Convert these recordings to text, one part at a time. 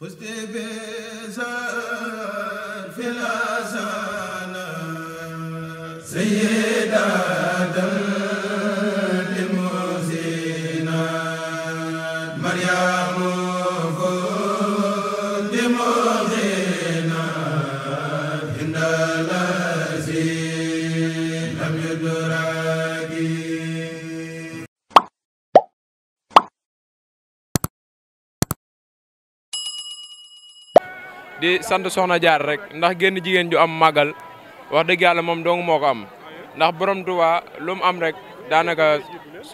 فزت بزار في الأزانة سيدة di sant soxna jaar rek ndax génn jigéen ju am màggal wax dëgg yàlla moom dong moo ko am ndax borom Tuubaa lu mu am rek daanaka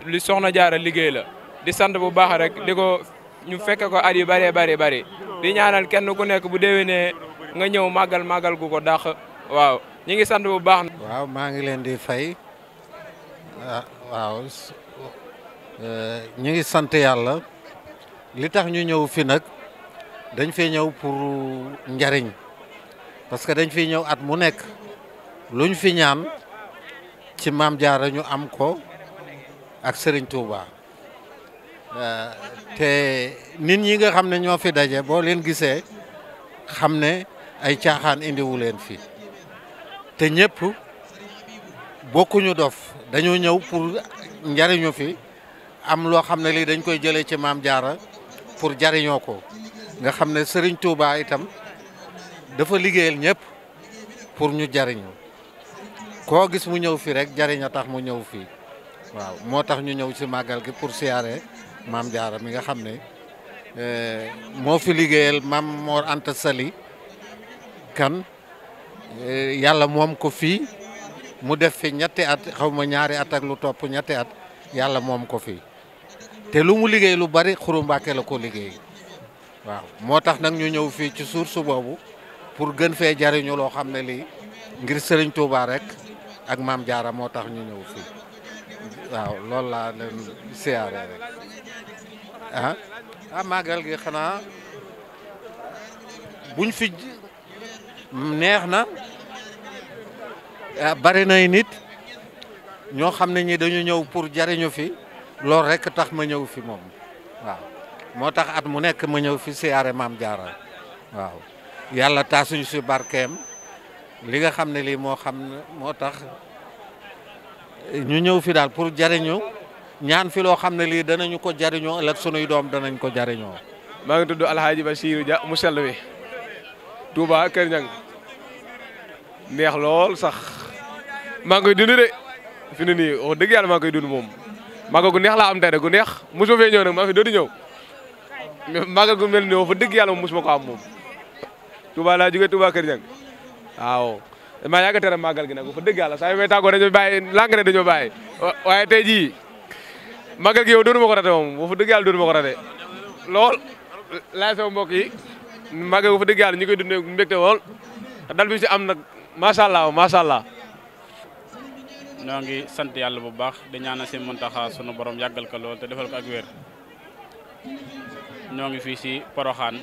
li soxna jaara liggéey la di sant bu baax rek di ko ñu fekke ko at yu bëree bëri bëri di ñaanal kenn ku nekk bu déwénee nga ñëw màggal màggal gu ko dàq waaw ñi ngi sant bu baax. waaw maa ngi leen di fay ah, waaw eh, ñi ngi sant yàlla li tax ñu ñëw fi nag. dañ fee ñëw pour njariñ parce que dañ fi ñëw at mu nekk luñ fi ñaan ci maam jaara ñu am ko ak sëriñ Touba euh, te nit ñi nga xam ne ñoo fi daje boo leen gisee xam ne ay caaxaan indiwu leen fi te ñëpp bokkuñu dof dañoo ñëw pour njariñu fi am loo xam ne lii dañ koy jëlee ci maam jaara pour jariñoo ko nga xam ne Serigne Touba itam dafa liggéeyal ñëpp pour ñu jariñu koo gis mu ñëw fii rek jariñ a tax mu ñëw fii waaw moo tax ñu ñëw ci màggal gi pour siyaare maam Jaara mi nga xam ne eh, moo fi liggéeyal maam Mor Anta Sali kan eh, yàlla moom ko fii mu def fi ñetti at xawma ñaari at ak lu topp ñetti at yàlla moom ko fii te lu mu liggéey lu bari Xuru Mbàkke la ko liggéey waaw moo tax nag ñu ñëw fii ci su boobu pour gën fee jariñu loo xam ne lii ngir Serigne Touba rek ak Maam Jaara moo tax ñu ñëw fi waaw loolu laa leen rek ah ah gi xanaa buñ fi neex na ah, bari nay nit ñoo xam ne ñi dañu ñëw pour jariñu fi loolu rek tax ma ñëw fi moom waaw moo tax at mu nekk ma ñëw fi siyaare maam jaara waaw yàlla taasuñu si barkeem li nga xam ne lii moo xam moo tax ñu ñëw fi daal pour jariñu ñaan fi loo xam ne lii danañu ko jariñoo ëllëg sunuy doom danañ ko jariñoo maa ngi tudd alxaaji Basiiru Ja mu sell wi Touba Kër lool sax maa ngi koy dund de fi ne nii wax dëgg yàlla maa ngi koy dund moom maa ko gu neex laa am tey de gu neex mosoo fee ñëw nag maa fi dootu ñëw màggal gu mel ni woo fa dëgg yàlla moom mosuma ko am moom Touba laa jógee Touba Kër Niang waaw maa yàgg tere màggal gi nag fa dëgg yàlla saa yu may tàggoo dañoo bàyyi lànk ne dañoo baay waaye tey jii màggal gi yow doonu ma ko rate moom boo fa dëgg yàlla doonu ma ko rate lool laay sama mbokk yi màggal bu fa dëgg yàlla ñu koy dundee mbégte lool dal bi si am nag macha allah macha ngi sant yàlla bu baax di ñaanal si Muntaxa sunu borom yàggal ko lool te defal ko ñoo ngi fii ci Poroxaan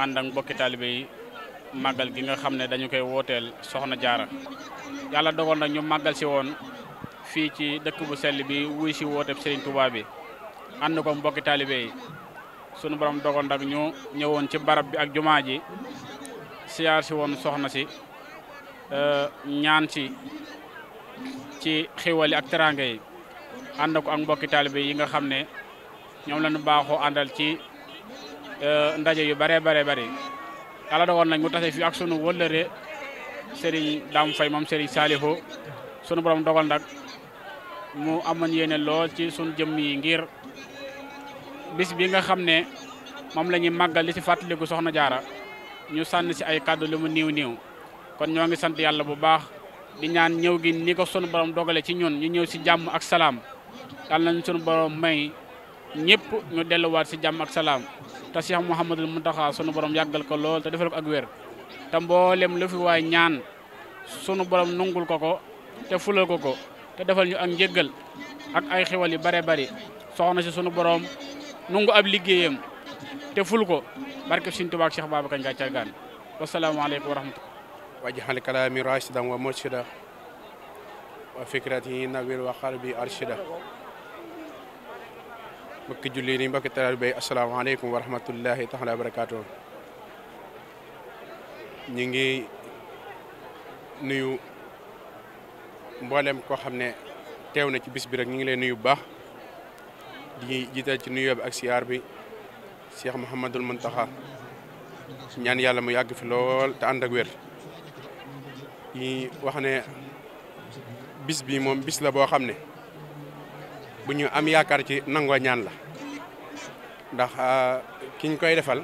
ànd ak mbokki taalibe yi màggal gi nga xam ne dañu koy wooteel Soxna Jaara yàlla dogal na ñu màggal ci woon fii ci dëkk bu sell bi wuy si wooteeb Serigne Touba bi ànd ko mbokki taalibe yi sunu borom dogal nag ñu ñëwoon ci barab bi ak jumaa ji siyaar ci woon soxna si euh, ñaan si ci xiwali ak teraanga yi ko ak mbokki taalibe nga xam ne ñoom la ñu baaxoo àndal ci euh, ndaje yu bare bare bare yàlla dogal nañ mu tase fi ak sunu wëllëre sëriñ Dame Faye sëriñ saale Salifo sunu borom dogal nag mu amoon yéene lool ci sunu jëmm yi ngir bis bi nga xam ne moom la ñuy màggal li ci fàttaliku soxna jaara ñu sànni si ay kàddu li mu niiw niiw kon ñoo ngi sant yàlla bu baax di ñaan ñëw gi ni ko sunu borom dogale ci ñun ñu ñëw si jàmm ak salaam yàlla nañ sunu borom may. ñëpp ñu delluwaat si jàmm ak salaam te Cheikh mu Mountakha sunu boroom yàggal ko lool te defal ko ak wér te mboolem lu fi ñaan sunu borom nungul ko ko te fulal ko ko te defal ñu ak njëggal ak ay xewal yu bare bari soxna si sunu boroom nungu ab liggéeyam te ful ko barke Sëriñ Tuubaa ak Cheikh Babacar Ndiaye Thiargane wasalaamaaleykum wa rahmatullah wajhal kalaami rashidan wa murshida wa fikrati nawwir wa qalbi arshida mbokki julli nii mbokki taalibe yi asalaamaaleykum wa rahmatullahi taala wa barakaatu ñu ngi nuyu mboolem koo xam ne teew na ci bis bi rek ñu ngi leen nuyu bu baax di jiital ci nuyoo bi ak siyaar bi Cheikh Mouhamadul Muntaxa ñaan yàlla mu yàgg fi lool te ànd ak wér yi wax ne bis bi moom bis la boo xam ne bu ñu am yaakaar ci nangoo ñaan la ndax ah, ki ñu koy defal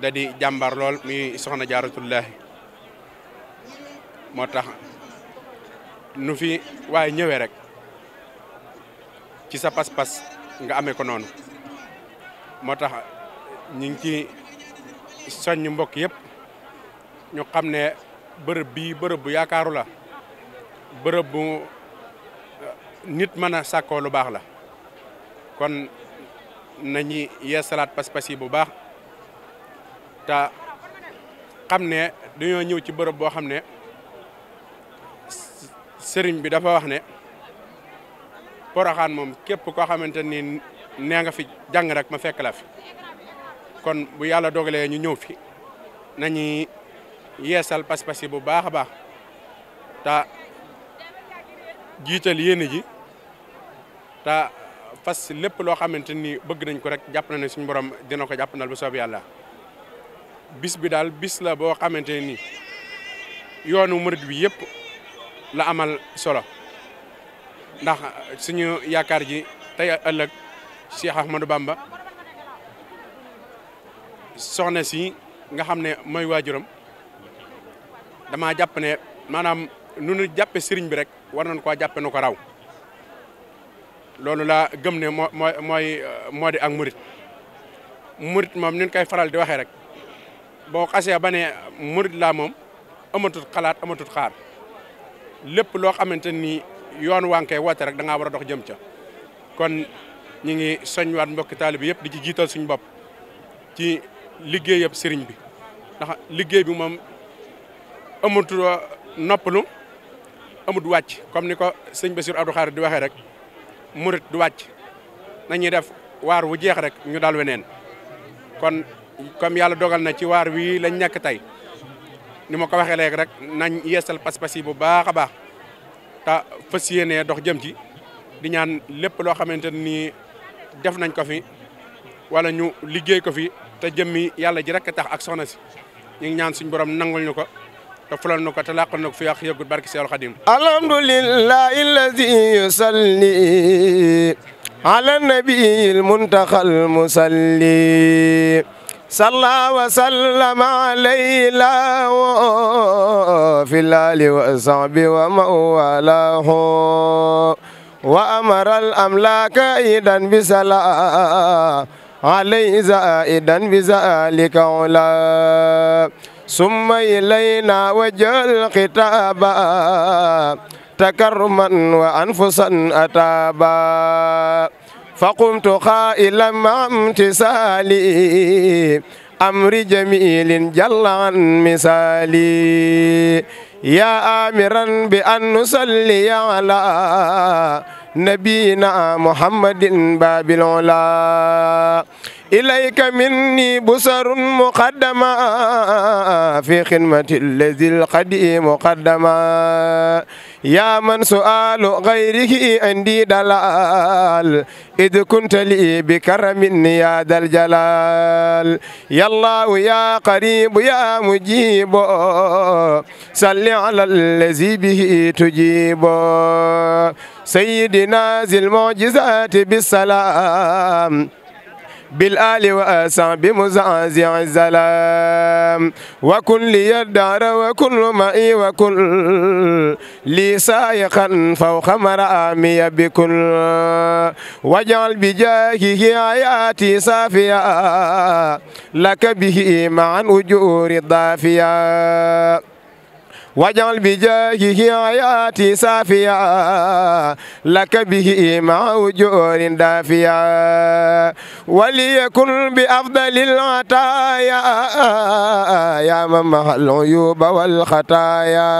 da di jàmbaar lool muy soxna jaaratullaahi moo tax nu fi waaye ñëwee rek ci sa pas-pas nga amee ko noonu moo tax ñu ngi ci soññ mbokk yëpp ñu xam ne bërëb bii bërëb bu yaakaaru la bërëb bu nit mën a sàkkoo lu baax la kon nañu yeesalaat pas-pas yi bu baax te xam ne dañoo ñëw ci bërëb boo xam ne sëriñ bi dafa wax ne poroxaan moom képp koo xamante ni nee nga fi jàng rek ma fekk la fi kon bu yàlla dogalee ñu ñëw fi nañu yeesal pas-pas bu baax a baax te jiital yéene ji te fas lépp loo xamante ni bëgg nañ ko rek jàpp na ne suñu borom dina ko jàpp nal bu soob yàlla bis bi daal bis la boo xamante ni yoonu murid bi yëpp la amal solo ndax suñu yaakaar ji tey ëllëg Cheikh Ahmadou Bamba soxna si nga xam ne mooy waajuram dama jàpp ne maanaam nu nu jàppe sëriñ bi rek war nañ koo jàppe nu ko raw loolu laa gëm ne moo mooy mooy euh, moo di ak murit murit moom ni ñu koy faral di waxee rek boo xasee ba ne murit laa moom amatut xalaat amatut xaar lépp loo xamante ni yoon wankee woote rek da ngaa war a dox jëm ca kon ñu ngi waat mbokki bi yëpp di ci jiital suñu bopp ci liggéey yëpp sëriñ bi ndax liggéey bi moom amut noppalu amut wàcc comme ni ko sëñ Bassirou Abdou Khadre di waxee rek murit du wàcc nañuy def waar wu jeex rek ñu dal weneen kon comme yàlla dogal na ci waar wii lañ nekk tey ni ma ko waxee léegi rek nañ yeesal pas-pas yi bu baax a baax te fas yéenee dox jëm ci di ñaan lépp loo xamante ni def nañ ko fi wala ñu liggéey ko fi te jëmmi yàlla ji rekk tax ak soxna si ñu ñaan suñu borom nangul ñu ko te fulal nu ko te làqal nu ko fi yàq yëgut barki Seexul Xadim alhamdulillahi allazi yusalli ala nabiyil muntaxal musalli salla wa sallama alayhi la fi laali wa sahbi wa mawalahu wa amara al amlaka idan bi sala alayhi zaidan bi zalika ula summa ilayna wajal xitaaba takarman wa anfusan ataaba faqumtu xaa'ila mamtisaali amri jamilin jalla an misaali ya amiran bi an nusalliya ala nabiyina muhammadin babil ula ilayka minni busarun muqaddama fi xidmati allazi alqadimu qaddama ya man su'alu ghayrihi indi dalal id kunta li bi karamin ya dal jalal ya allah ya qarib ya mujibo salli ala allazi bihi tujibo sayyidina zil mu'jizati bis salam بالآل وأصحاب مزعزع الزلام وكن لي الدار وكل معي وكل لي سائقا فوق مرامي بكل واجعل بجاهه آياتي صافية لك به معا أجور الضافية واجعل بجاهه آياتي صافية لك به مع أجور دافية وليكن بأفضل العطايا يا من محى العيوب والخطايا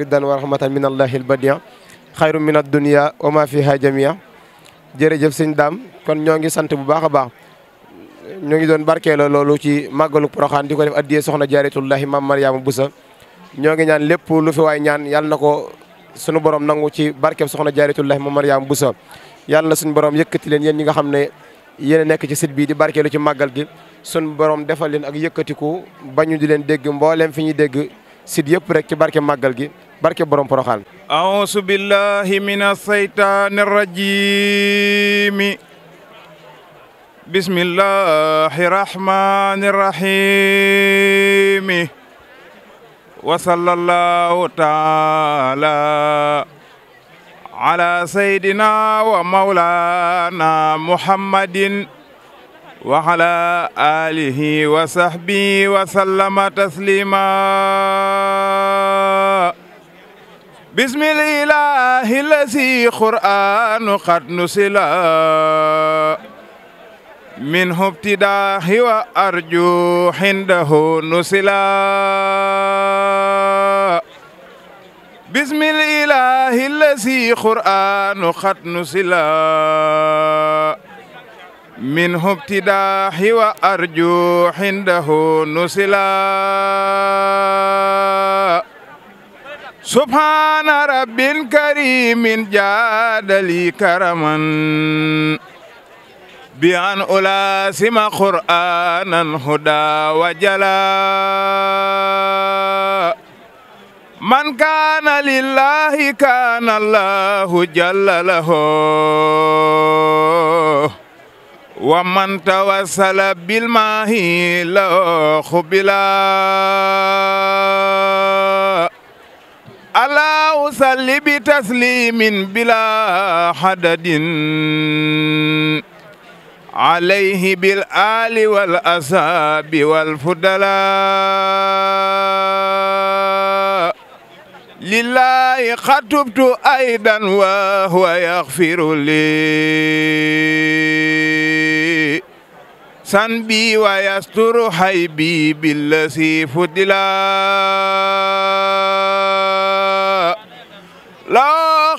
ردا ورحمة من الله البديع خير من الدنيا وما فيها جميع jërëjëf sëñ daam kon ñoo ngi sant bu baax a baax ñu ngi doon barkeeloo loolu ci màggalu Poroxaan di ko def addiyee soxna jaaritullahi maam Mariama Busa ñoo ngi ñaan lépp lu fi waay ñaan yàlla na ko sunu borom nangu ci barkeeb soxna jaaritullahi maam Mariama Busa yàlla na suñu borom yëkkati leen yéen ñi nga xam ne yéen a nekk ci site bii di barkeelu ci màggal gi sunu borom defal leen ak yëkkatiku bañu di leen dégg mbooleem fi ñuy dégg site yëpp rek ci barke maggal gi barke borom Poroxaan. aousu billahi mina بسم الله الرحمن الرحيم وصلى الله تعالى على سيدنا ومولانا محمد وعلى آله وصحبه وسلم تسليما بسم الإله الذي قرآن قد نسلا من هبتدا هو أرجو عنده نسلا بسم الإله الذي قرآن قد نسلا من هبتدا هو أرجو عنده نسلا سبحان رب كريم جاد لي كرما بأن ألاسم قرآنا هدى وجلا من كان لله كان الله جل له ومن توسل بالماء له خبلا ألا أصلي بتسليم بلا حدد عليه بالآل والأصحاب والفضلاء لله قد تبت أيضا وهو يغفر لي سنبي ويستر حيبي بالذي فضلا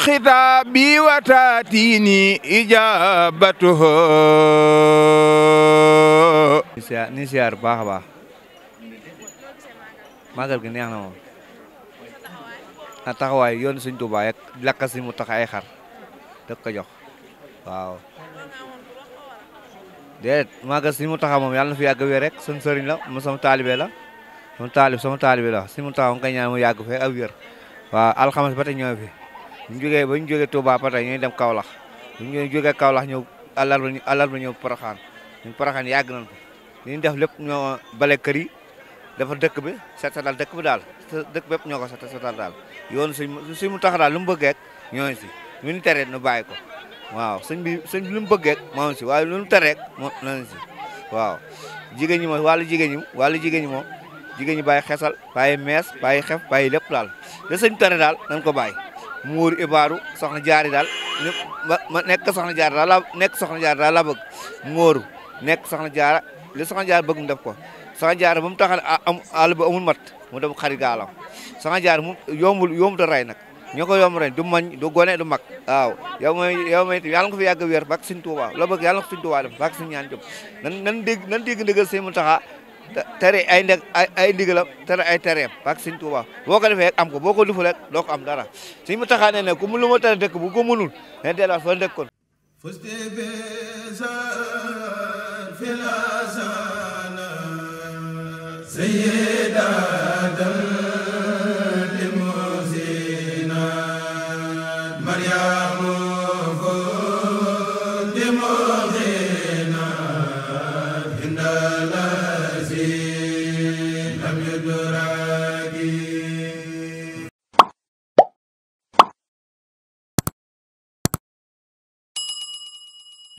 خطابي وتاتيني إجابته نسيار باخ باخ magal gi neex na moom a taxawaay yoon Sëñ Tuubaa yak lakka si mu tax ay xar dëkk ko jox waaw déedéet magal si mu taxa moom yàlla na fi yàgg wér rek sunu sëriñ la mu sama taalibe la sama taalib sama taalibe la si mu taxa moom kay mu yàgg fee ak waaw alxames ba tey ñëw fi bu ñu jógee ba ñu jógee Touba ba tey ñooy dem Kaolack bu ñu jógee Kaolack ñëw àllarba ñu àllarba ñëw Porokhane ñun Porokhane yàgg nañ ko def lépp ñoo bale kër yi dafa dëkk bi set dëkk bi daal dëkk bépp ñoo ko set setal daal yoonu suñ suñ mu tax daal lu mu bëgg ñoo si lu ñu teree nu bàyyi ko waaw sëñ bi sëñ bi lu mu bëgg moo si waaye lu mu teree rek si waaw jigéen ñi moom wàllu jigéen ñi wàllu jigéen ñi moom jigéen ñi bàyyi xesal bàyyi mees bàyyi xef bàyyi lépp daal da sëñ tere daal nañ ko bàyyi mu wóor ibaaru soxna jaari dal ma nekk soxna jaara daal la nekk soxna jaara daal la bëgg mu wóoru nekk soxna jaara li soxna jaara bëgg mu def ko soxna jaara ba mu taxal ah, am àll ba amul mat mu dem xari gaalam soxna jaara mu yombul yombul rey nag ñoo ko yomb ren du mañ du gone du mag waaw yow mooy yow mooy yàlla nga ko fi yàgg wér bak suñ Tuubaa la bëgg yàlla nga ko suñ Tuubaa def nan nan dégg nan dégg ndëgal tere ay ndeg ay ndigalam tere ay tereem parce que Sëñ Tuuba boo ko defee am ko boo ko deful rek doo am dara Sëñ Muntaxa ne ne ku mu lu ma tere dëkk bu ko mënul ne delluwaat fa dëkkoon sayyidana